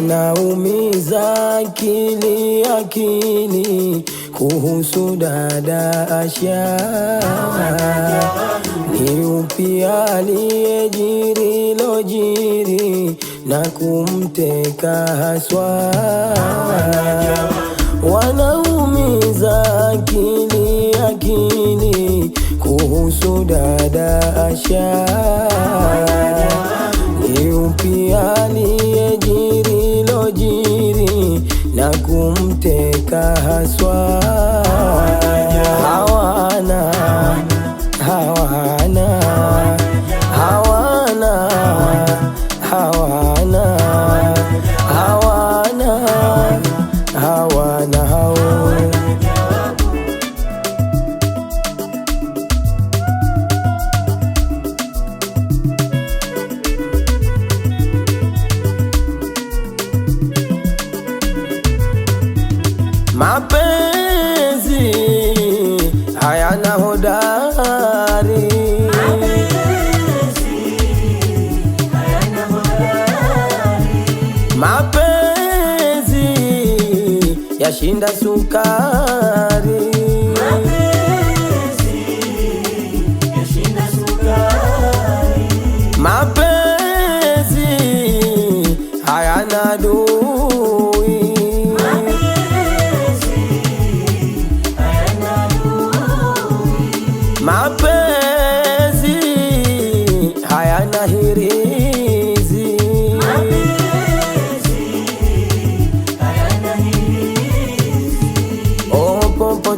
anaumiza akili akili kuhusu dada Asha, ni upi aliyejiri lojiri na kumteka haswa? Wanaumiza akili akili kuhusu dada Asha, ni upi aliyejiri kumteka haswa Africa.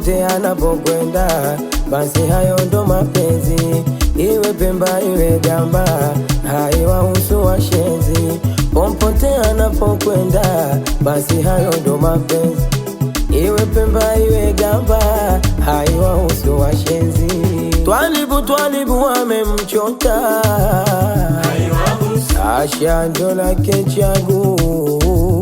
popote anapokwenda, basi hayo ndo mapenzi, iwe Pemba iwe Gamba, haiwahusu washenzi. Popote anapokwenda, basi hayo ndo mapenzi, iwe Pemba iwe Gamba, haiwahusu washenzi. Twalibu Twalibu wamemchota, asha ndo lake chaguo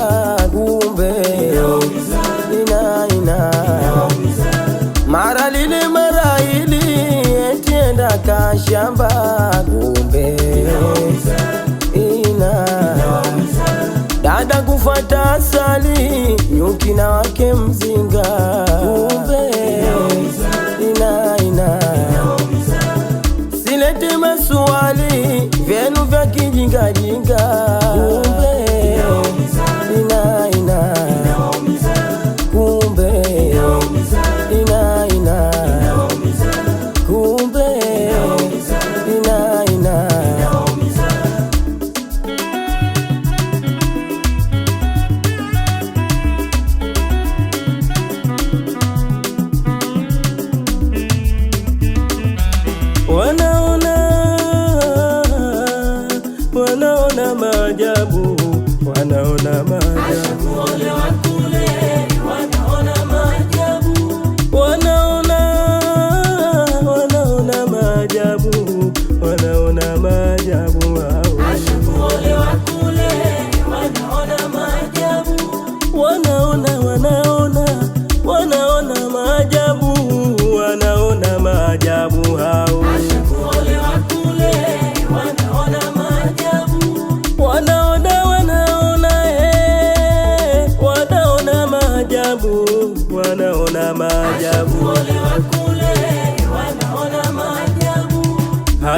katika shamba kumbe ina dada kufata asali nyuki na wake mzinga kumbe ina ina silete maswali vyenu vya kijinga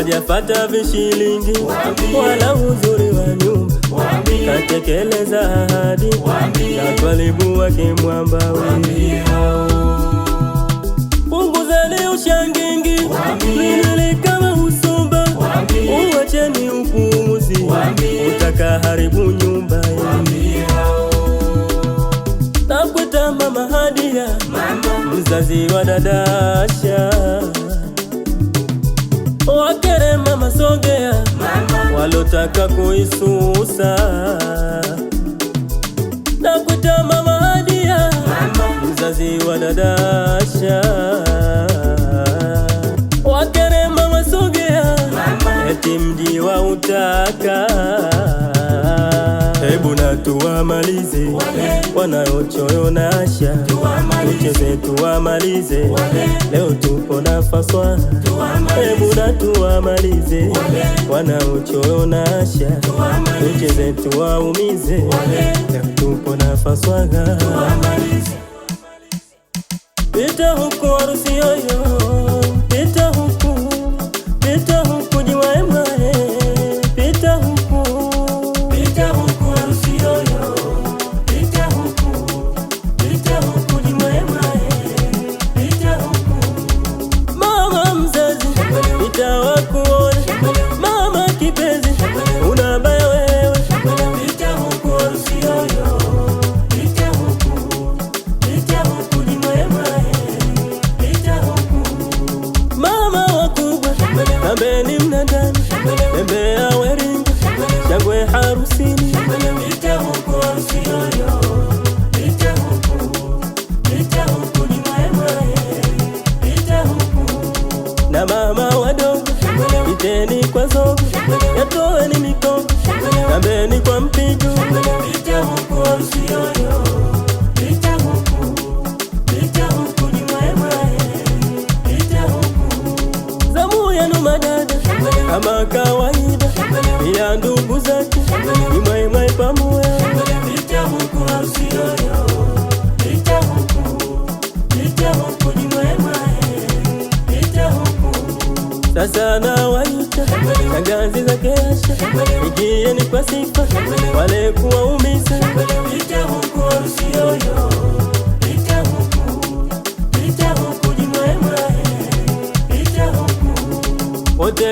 hajafata vishilingi wala uzuri wa nyumba, katekeleza ahadi na twalibu wake mwamba. Punguzeni ushangingi, lilili kama usumba, uwacheni upuuzi, utaka haribu nyumba Nakwita mama Hadia, mzazi wa dadasha kusogea walotaka kuisusa na kuta mama Hadia mzazi wa dadasha wakerema wasogea eti mji wa utaka Bwana tuwamalize wanaochoyo na asha, tucheze tuwamalize. Leo tupo na Faswaha, hebu na tuwamalize wanaochoyo na asha, tucheze tuwaumize. Leo tupo na Faswaha, pita huko arusi yoyo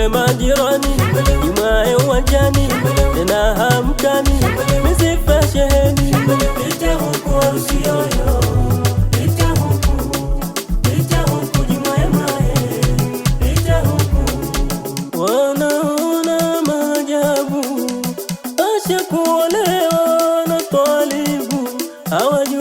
majirani, imae uwanjani, tena hamkani, mizifa sheheni, pita huku usioyo Wanaona maajabu, ashakuolewa na talibu hawajui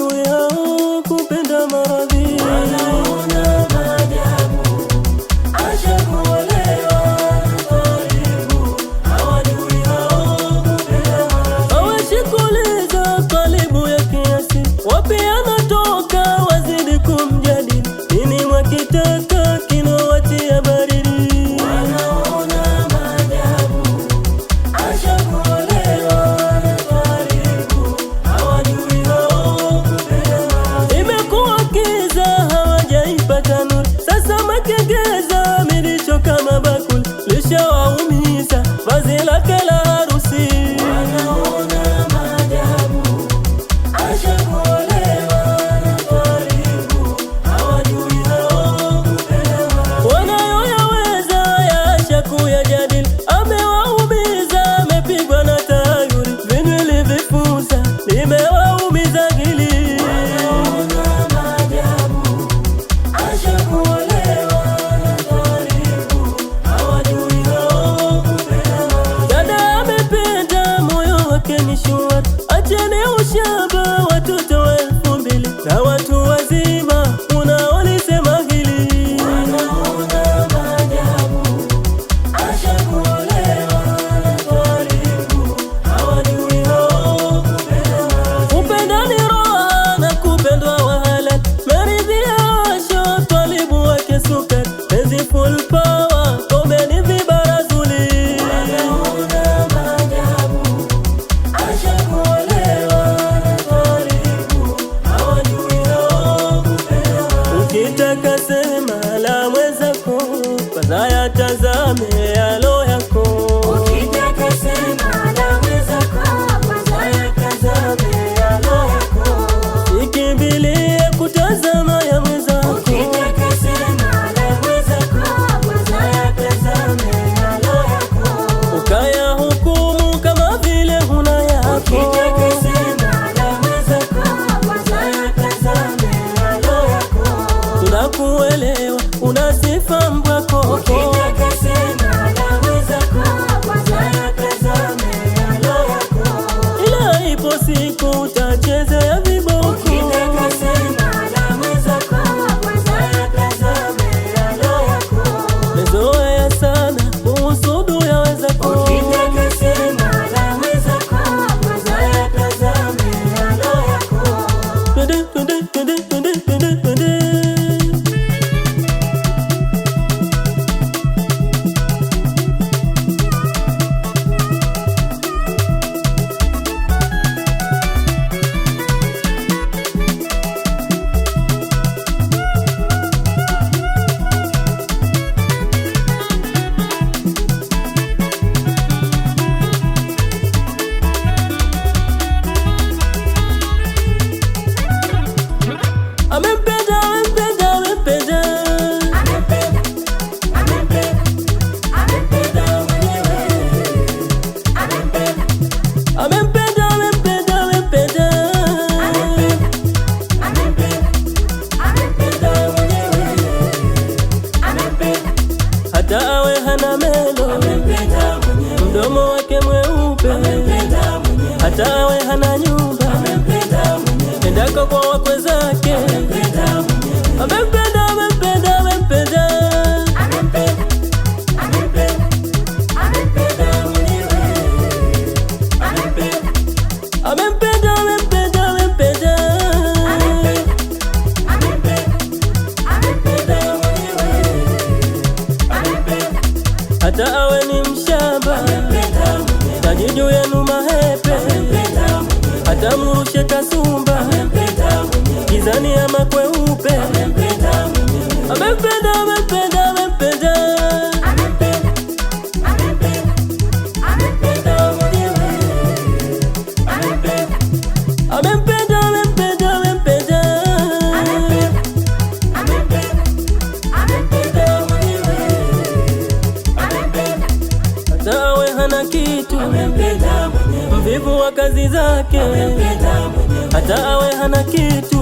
hata awe ni mshamba, taji juu yenu mahepe, hata murushe kasumba gizani ama kweupe, amempenda kazi zake, hata awe hana kitu